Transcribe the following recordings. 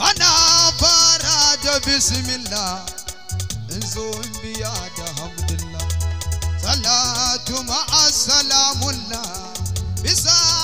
ana fara da bismillah in zo biya da hamdulillah salatu ma'a salamullah bisa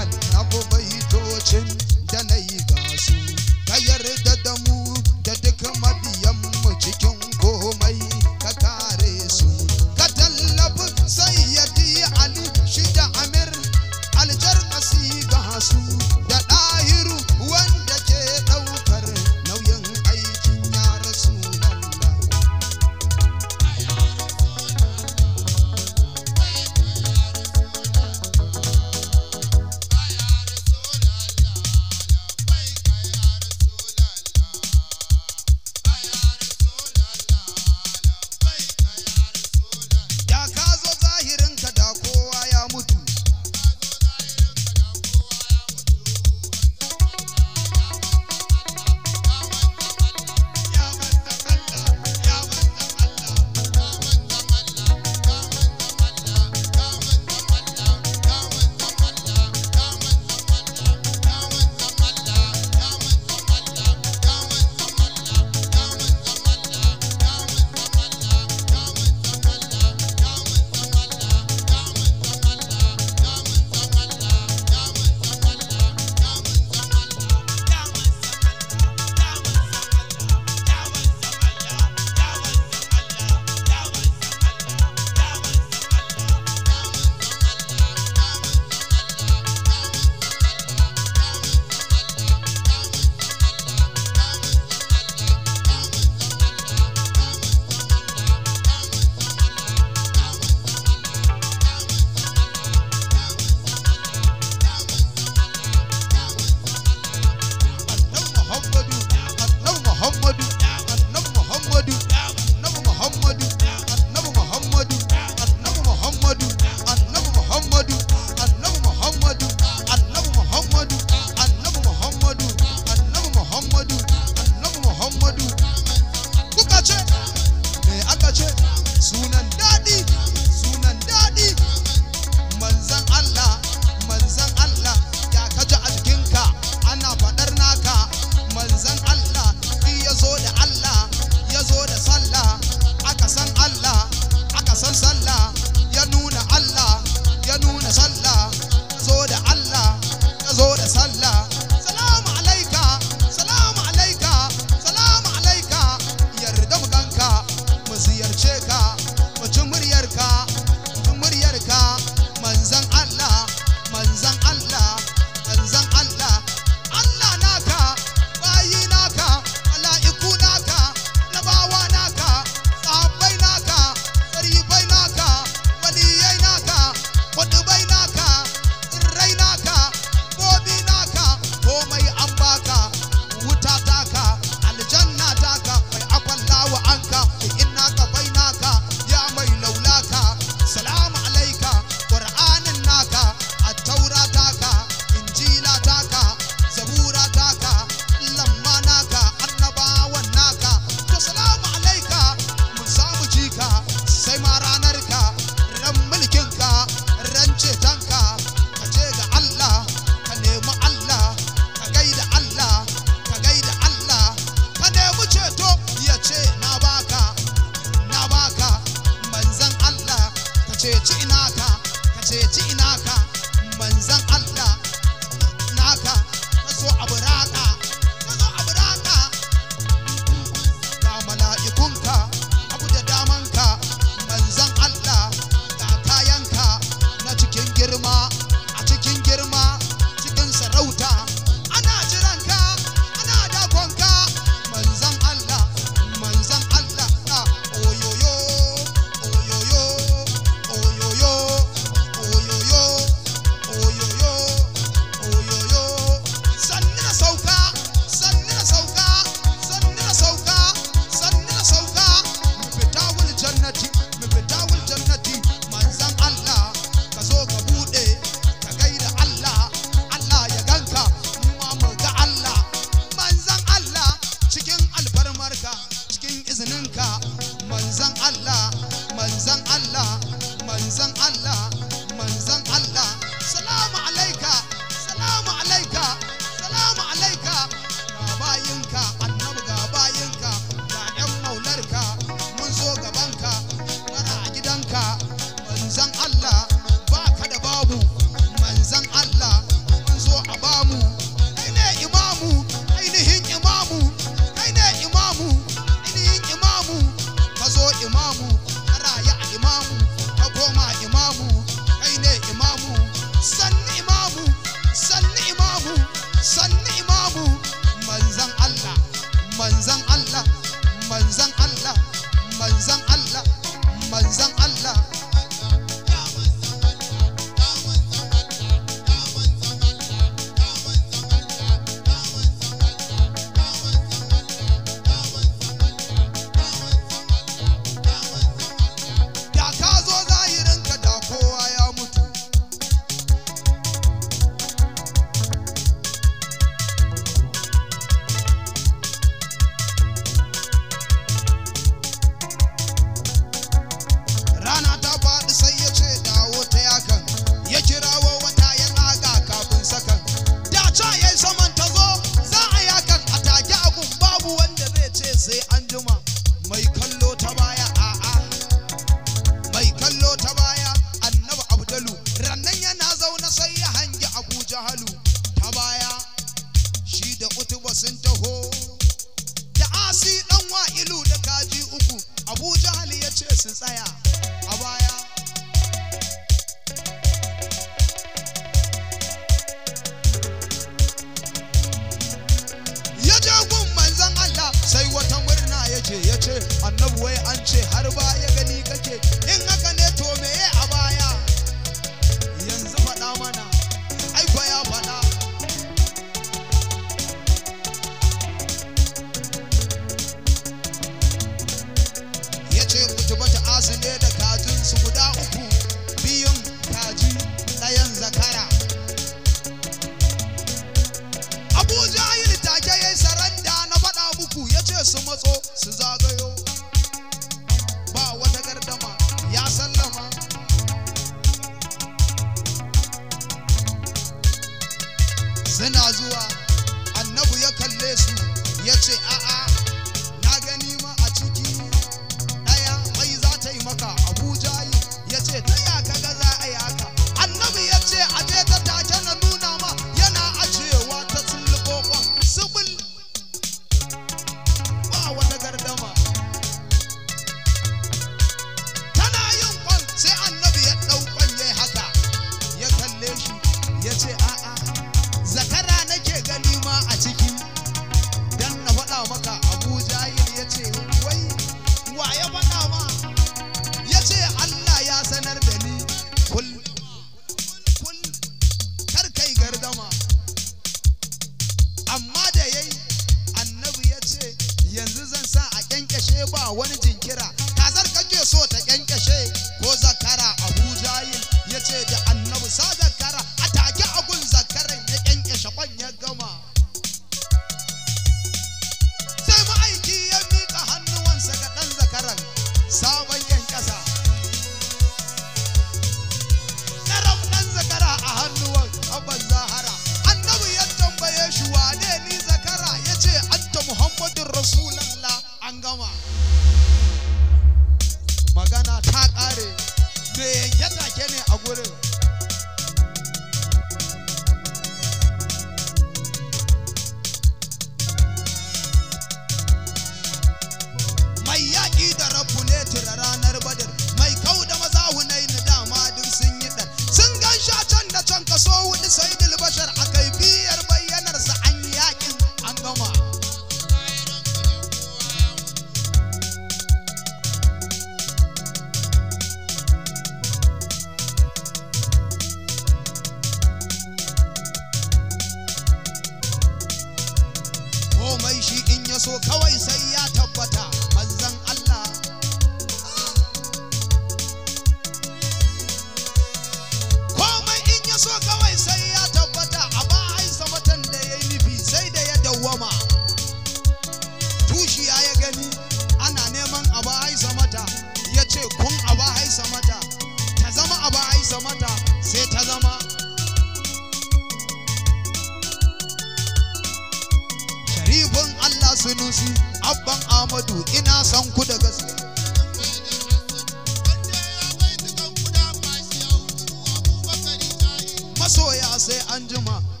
say anjuma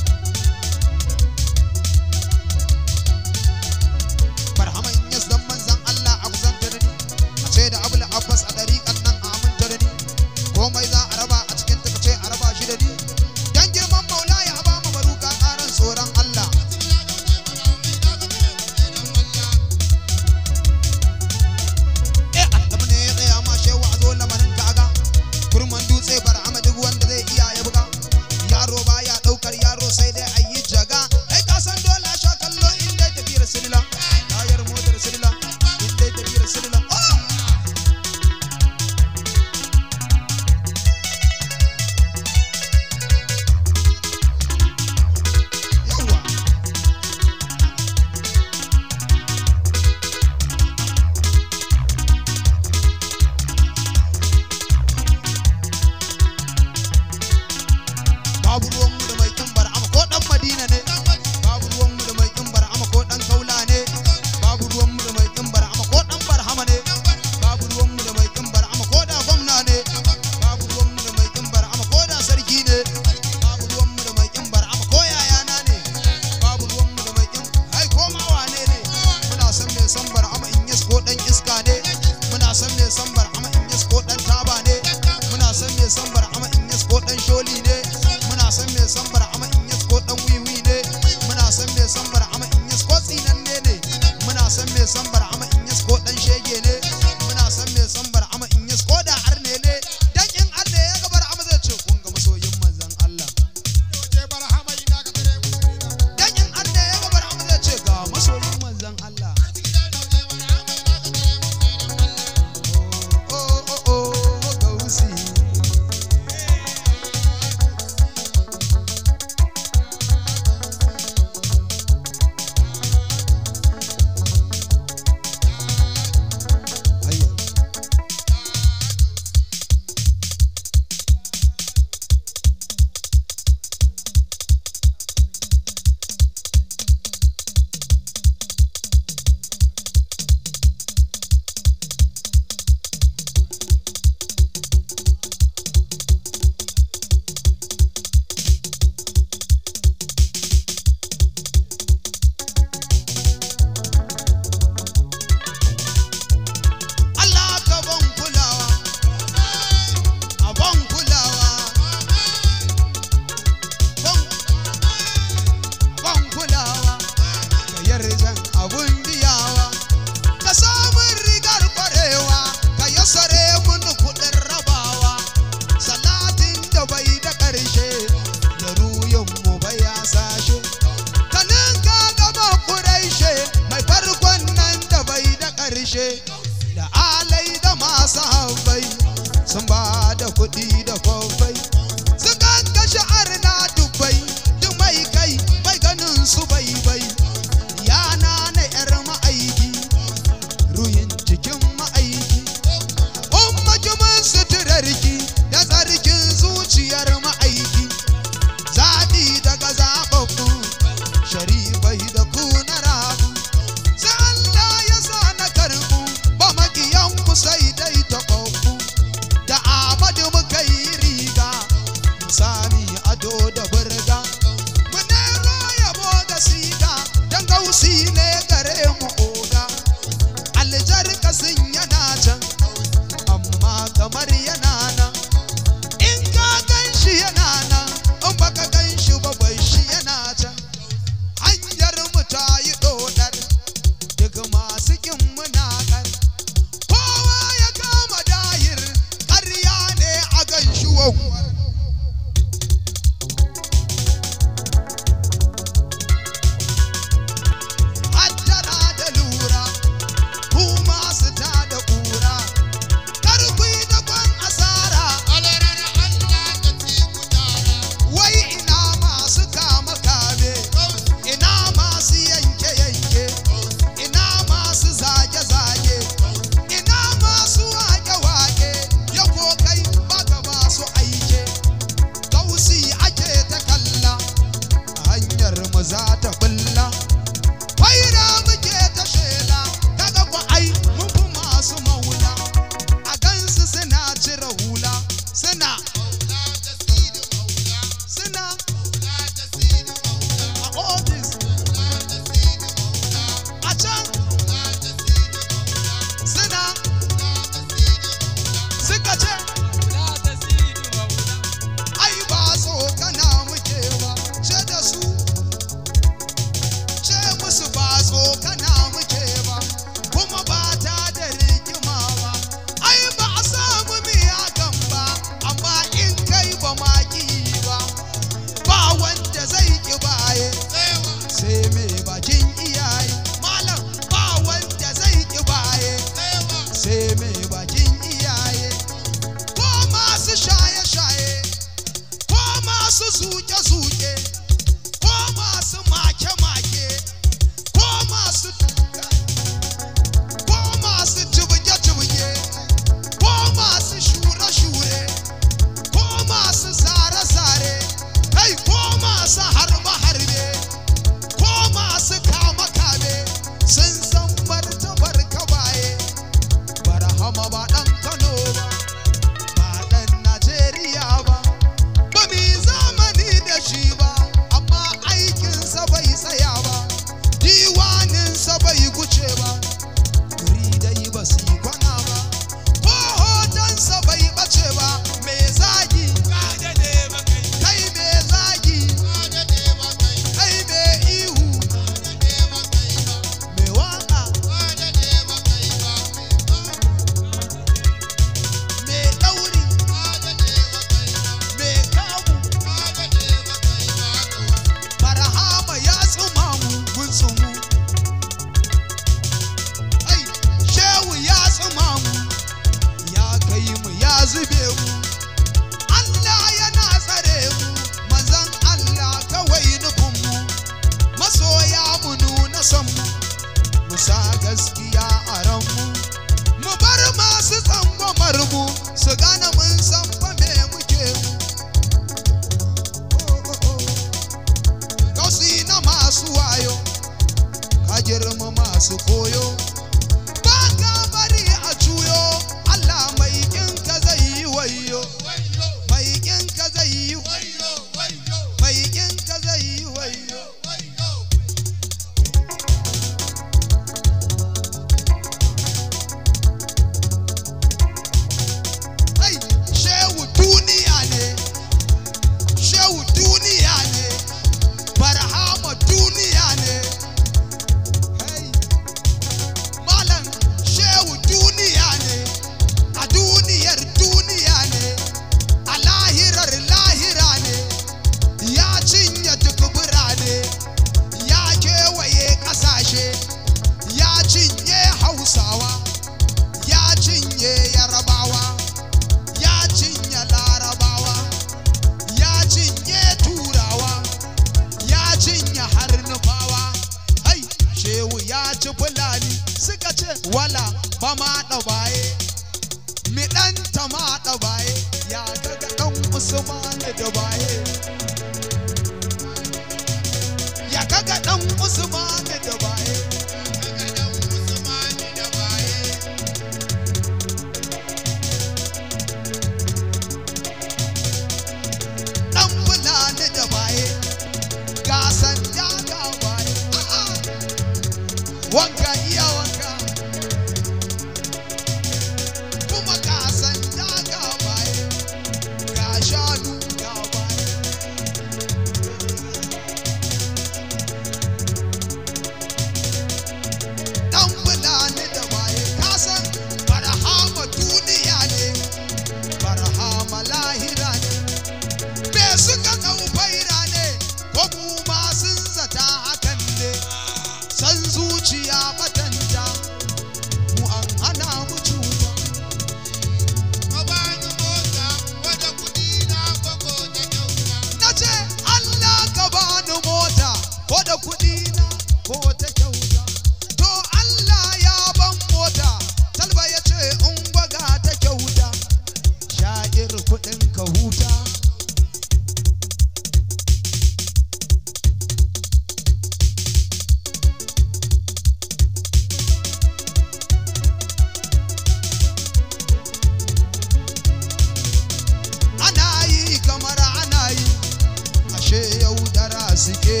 así que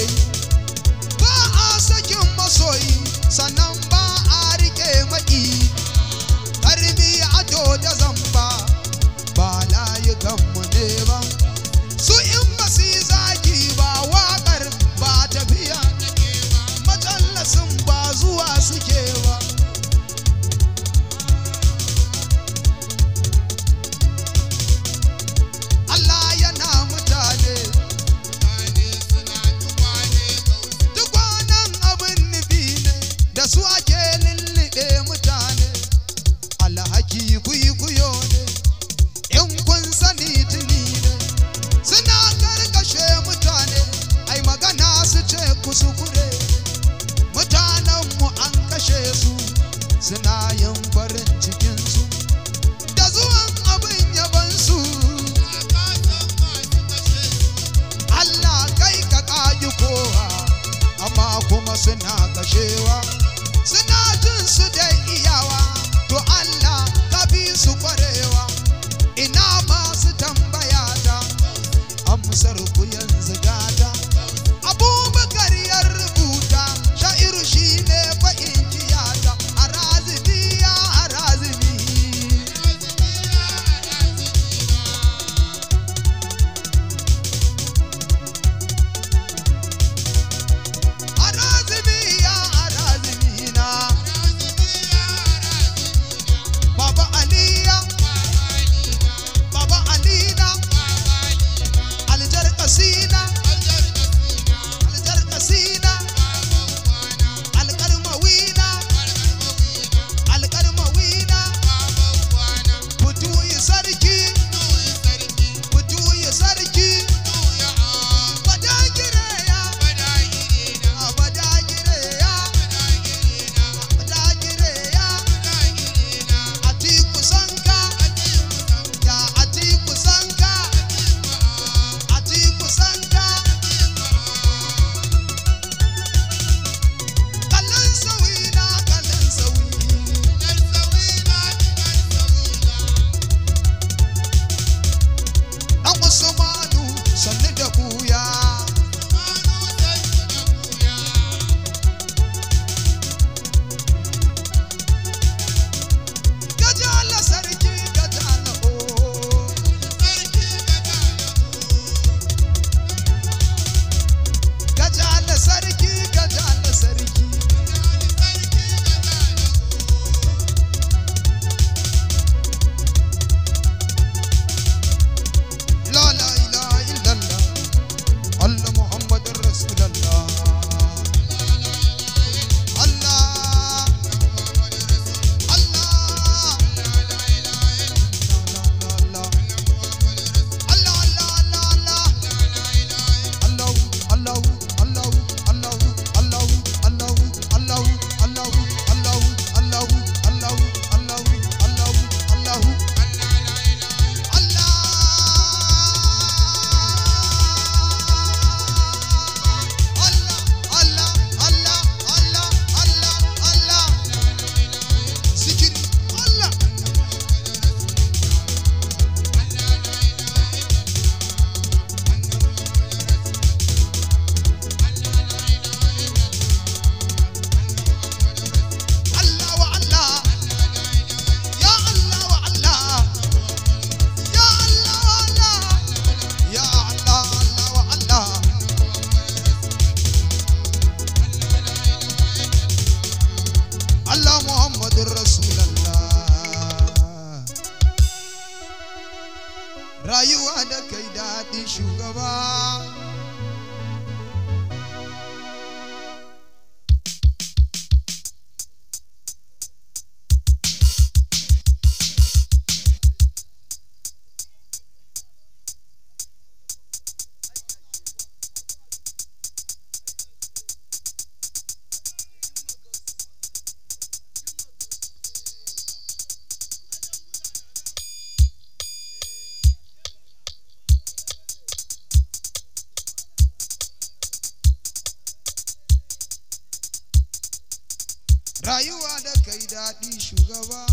rayuwa da kai daɗi shugaba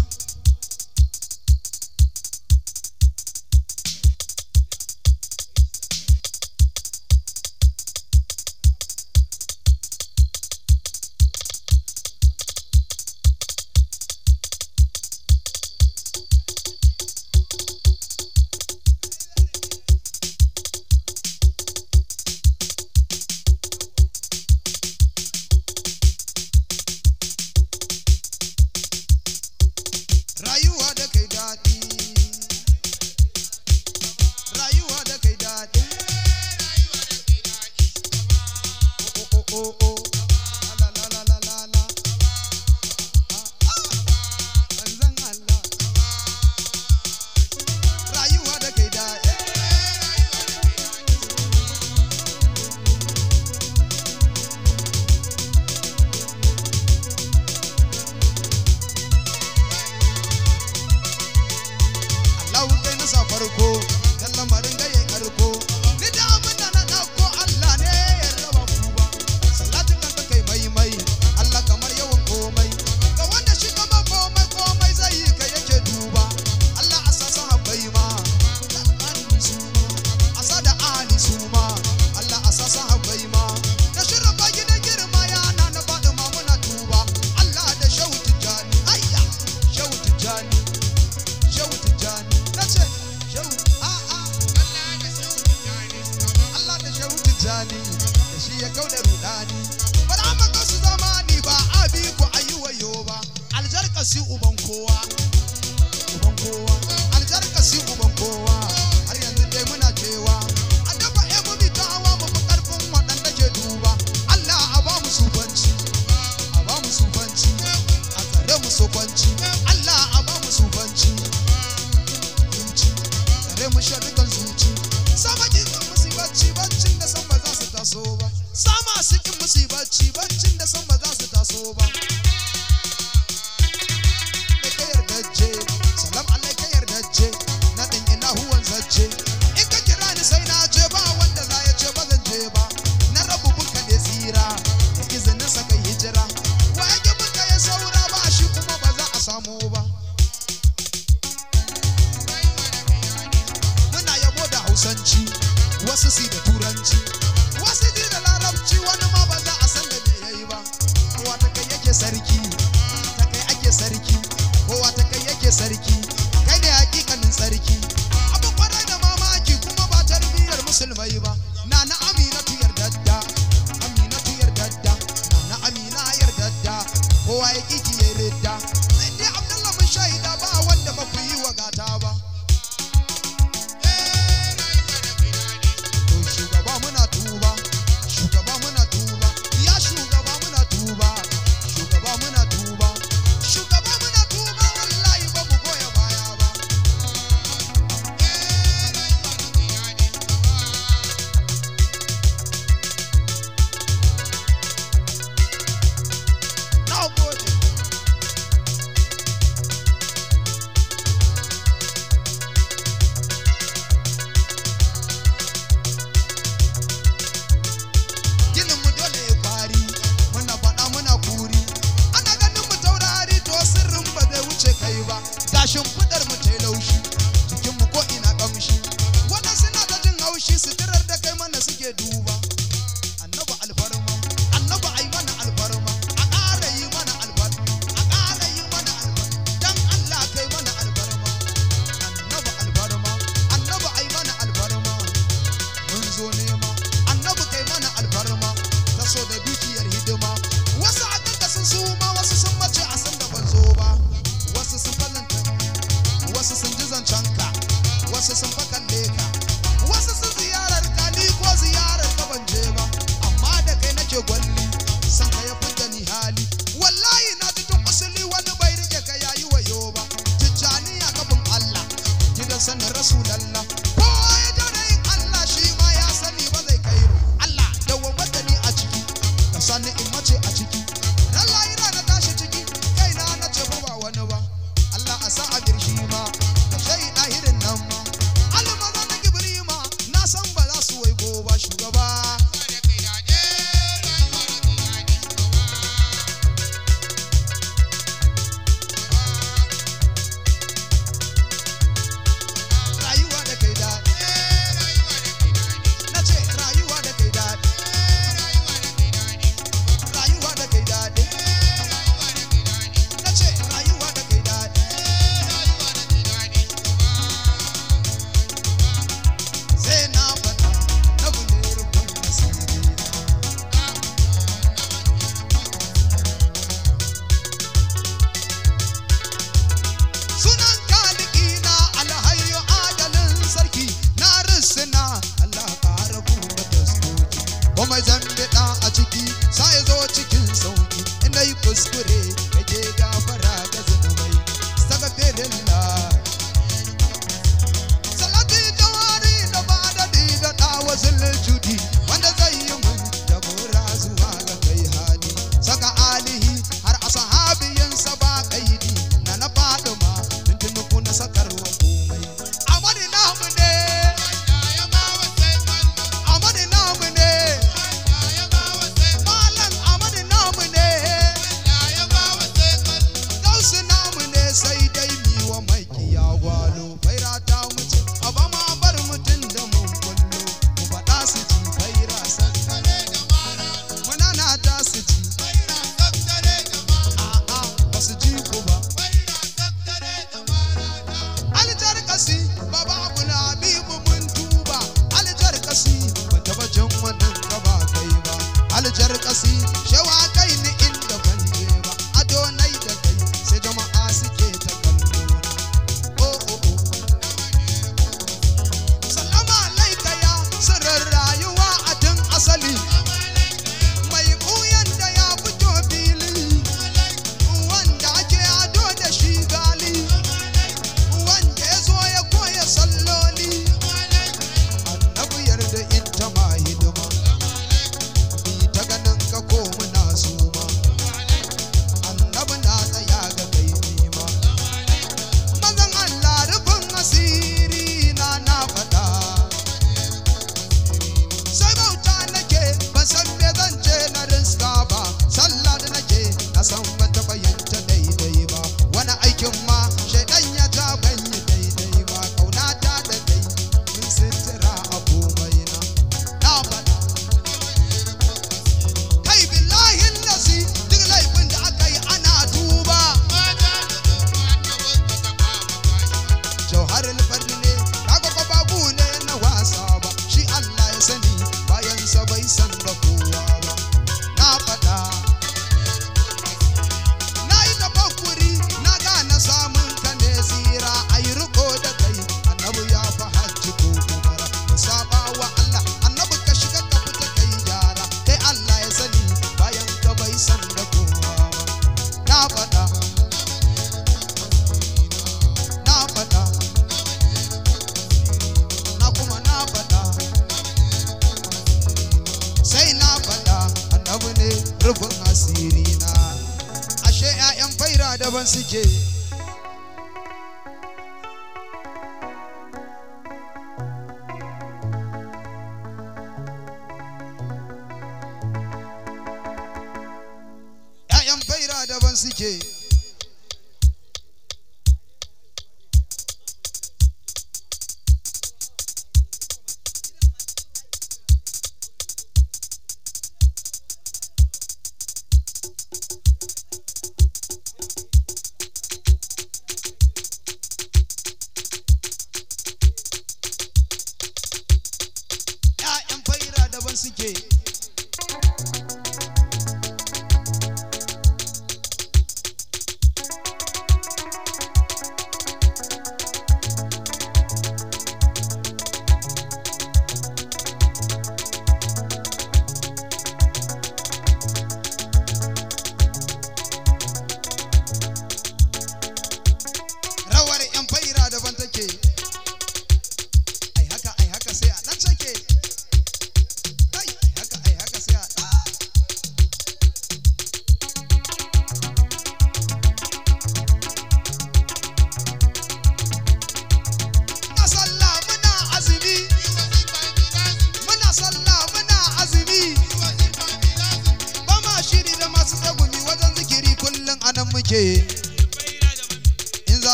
su bacci baccin da san ba za su taso ba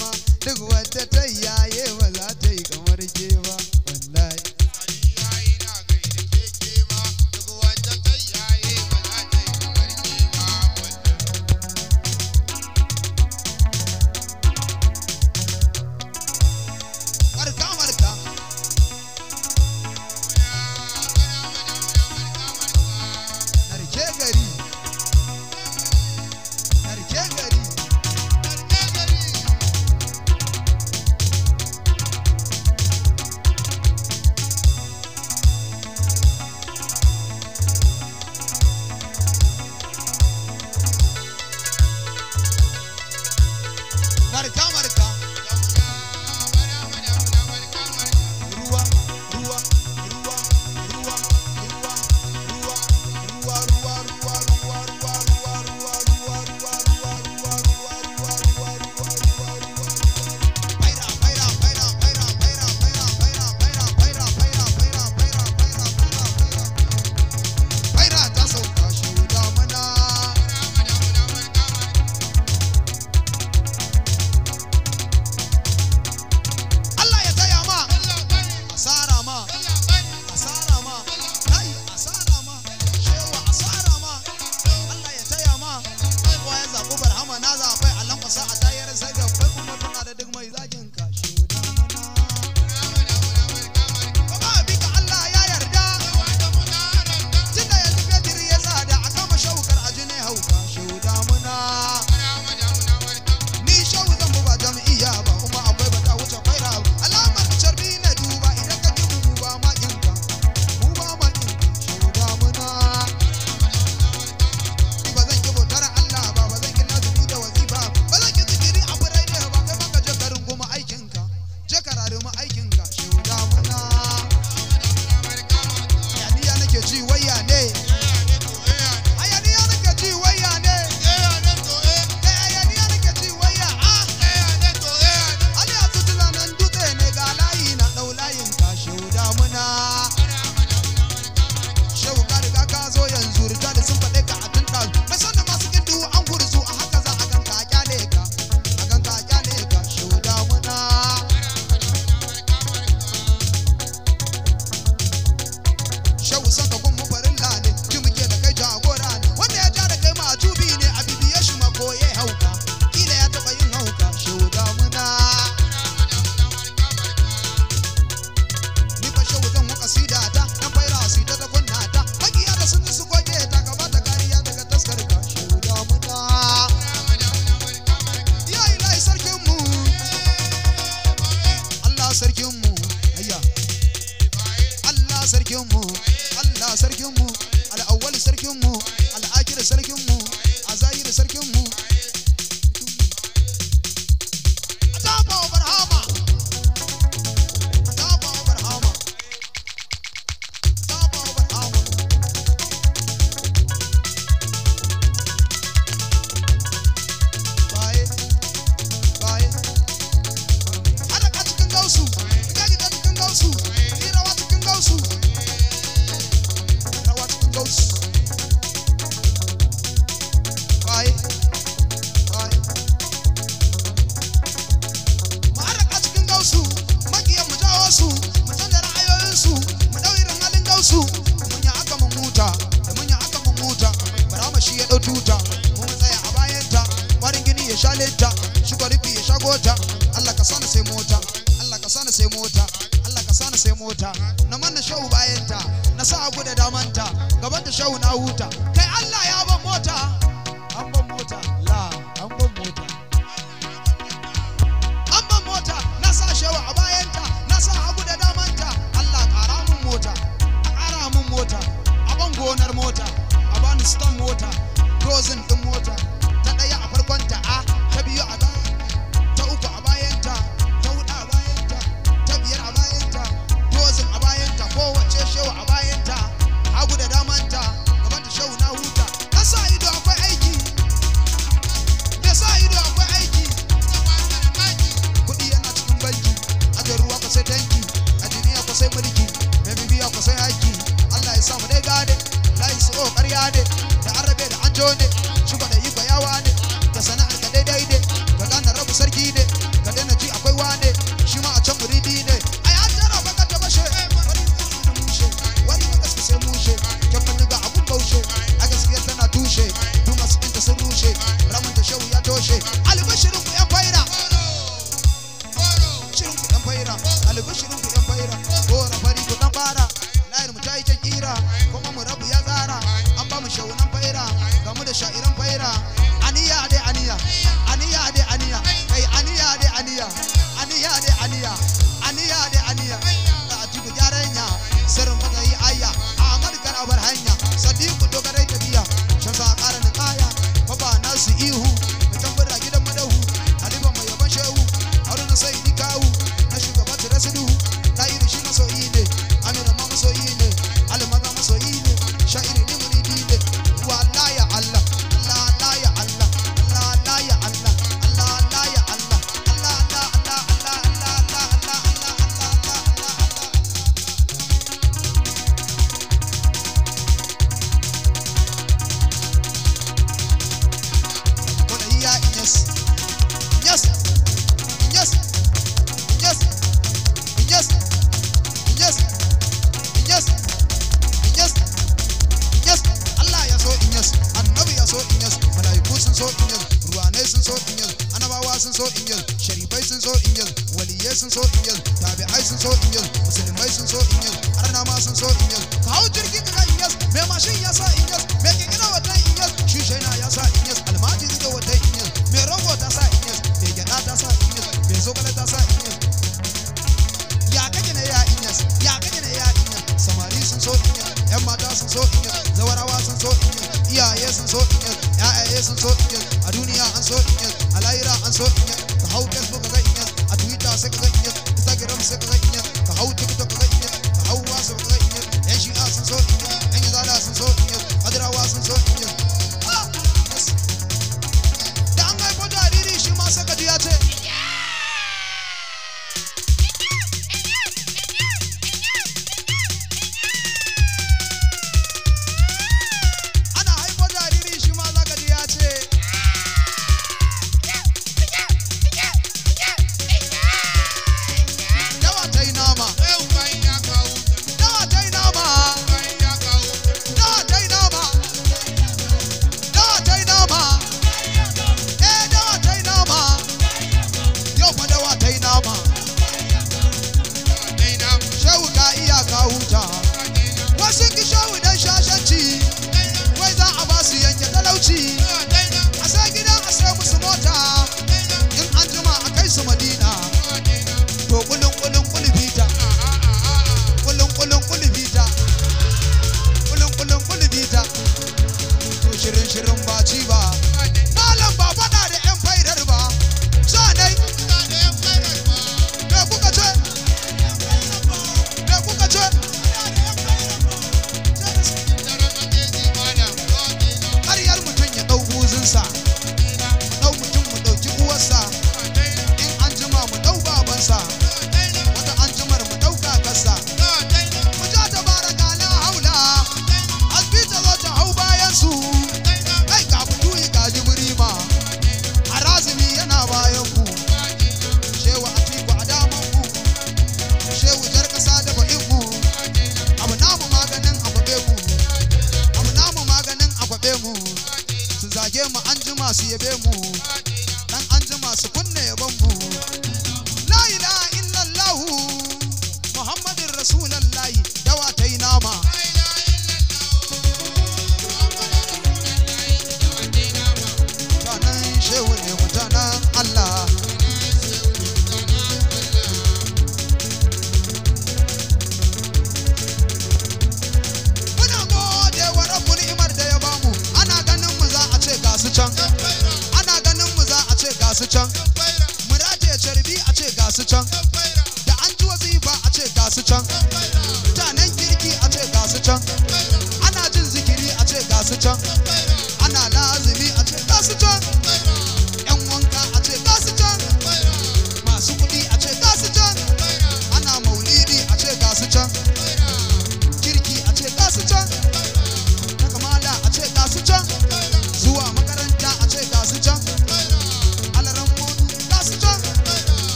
ma duk wata ta yi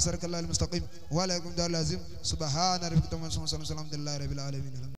صراط المستقيم ولا يكون دار لازم سبحان ربك تمام سبحان الله